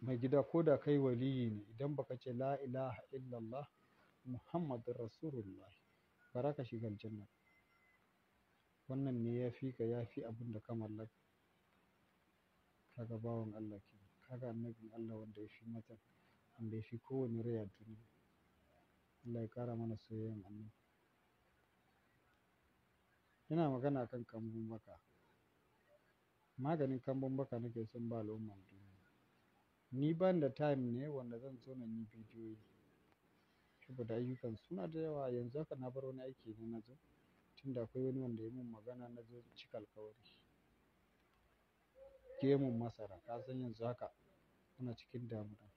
mai gida ko da kai waliyi ne idan baka ce la ilaha illallah muhammadur rasulullah bara ka shiga aljanna wannan ne ya fi ka ya fi abin da ka mallaka kaga bawan Allah ke kaga annabin Allah wanda ya fi mata wanda ya fi kowane rai a duniya Allah ya kara mana soyayyen annabi ina magana kan kambun baka maganin kambun baka nake son ba al'umma duniya Ni ban da time ne wanda zan zo na yi bidiyoyi saboda ayyukan suna da yawa. Yanzu haka na bar wani aiki ne na zo, tunda akwai wani wanda ya min magana na zo cika alkawari. Gemun masara, ka san yanzu haka ana cikin damuwa.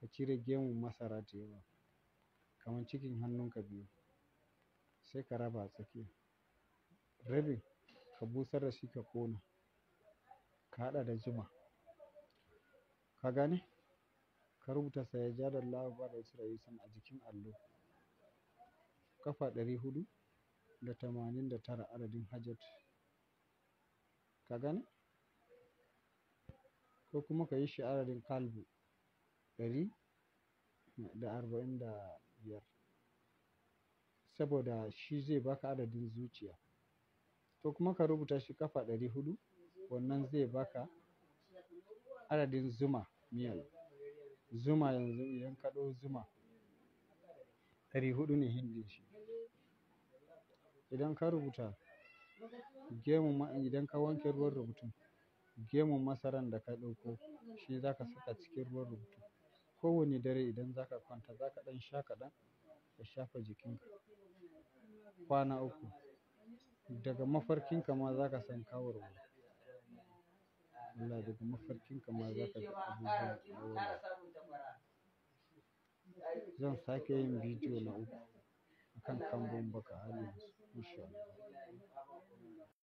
Ka cire gemun masara da yawa kamar cikin hannunka biyu sai ka raba tsakiya. Rabin ka busar da shi ka ƙona, ka haɗa da zuma. Ka gane? Ka rubuta "Sayajadallahu Ba'da Isra'isan" a jikin allo. Ƙafa ɗari huɗu da tamanin da tara adadin Hajjat. Ka gane? Ko kuma ka yi shi adadin Kalbu ɗari da arba'in da biyar. Saboda shi zai baka adadin zuciya. Ko kuma ka rubuta shi ƙafa ɗari huɗu wannan zai baka adadin zuma. Zuma yanzu idan ka ɗau zuma ɗari huɗu ne hinɗin shi. Idan ka rubuta gemun idan ka wanke ruwan rubutun, gemun masaran da ka ɗauko shi za ka saka cikin ruwan rubutun. Ko wani dare idan za ka kwanta za ka ɗan sha kaɗan ka shafa jikinka kwana uku. Daga mafarkinka ma za ka san ka warware. Allah daga mafarkin ka ma za ka ga abubuwa zan sake yin bidiyo na uku akan kambun baka har yanzu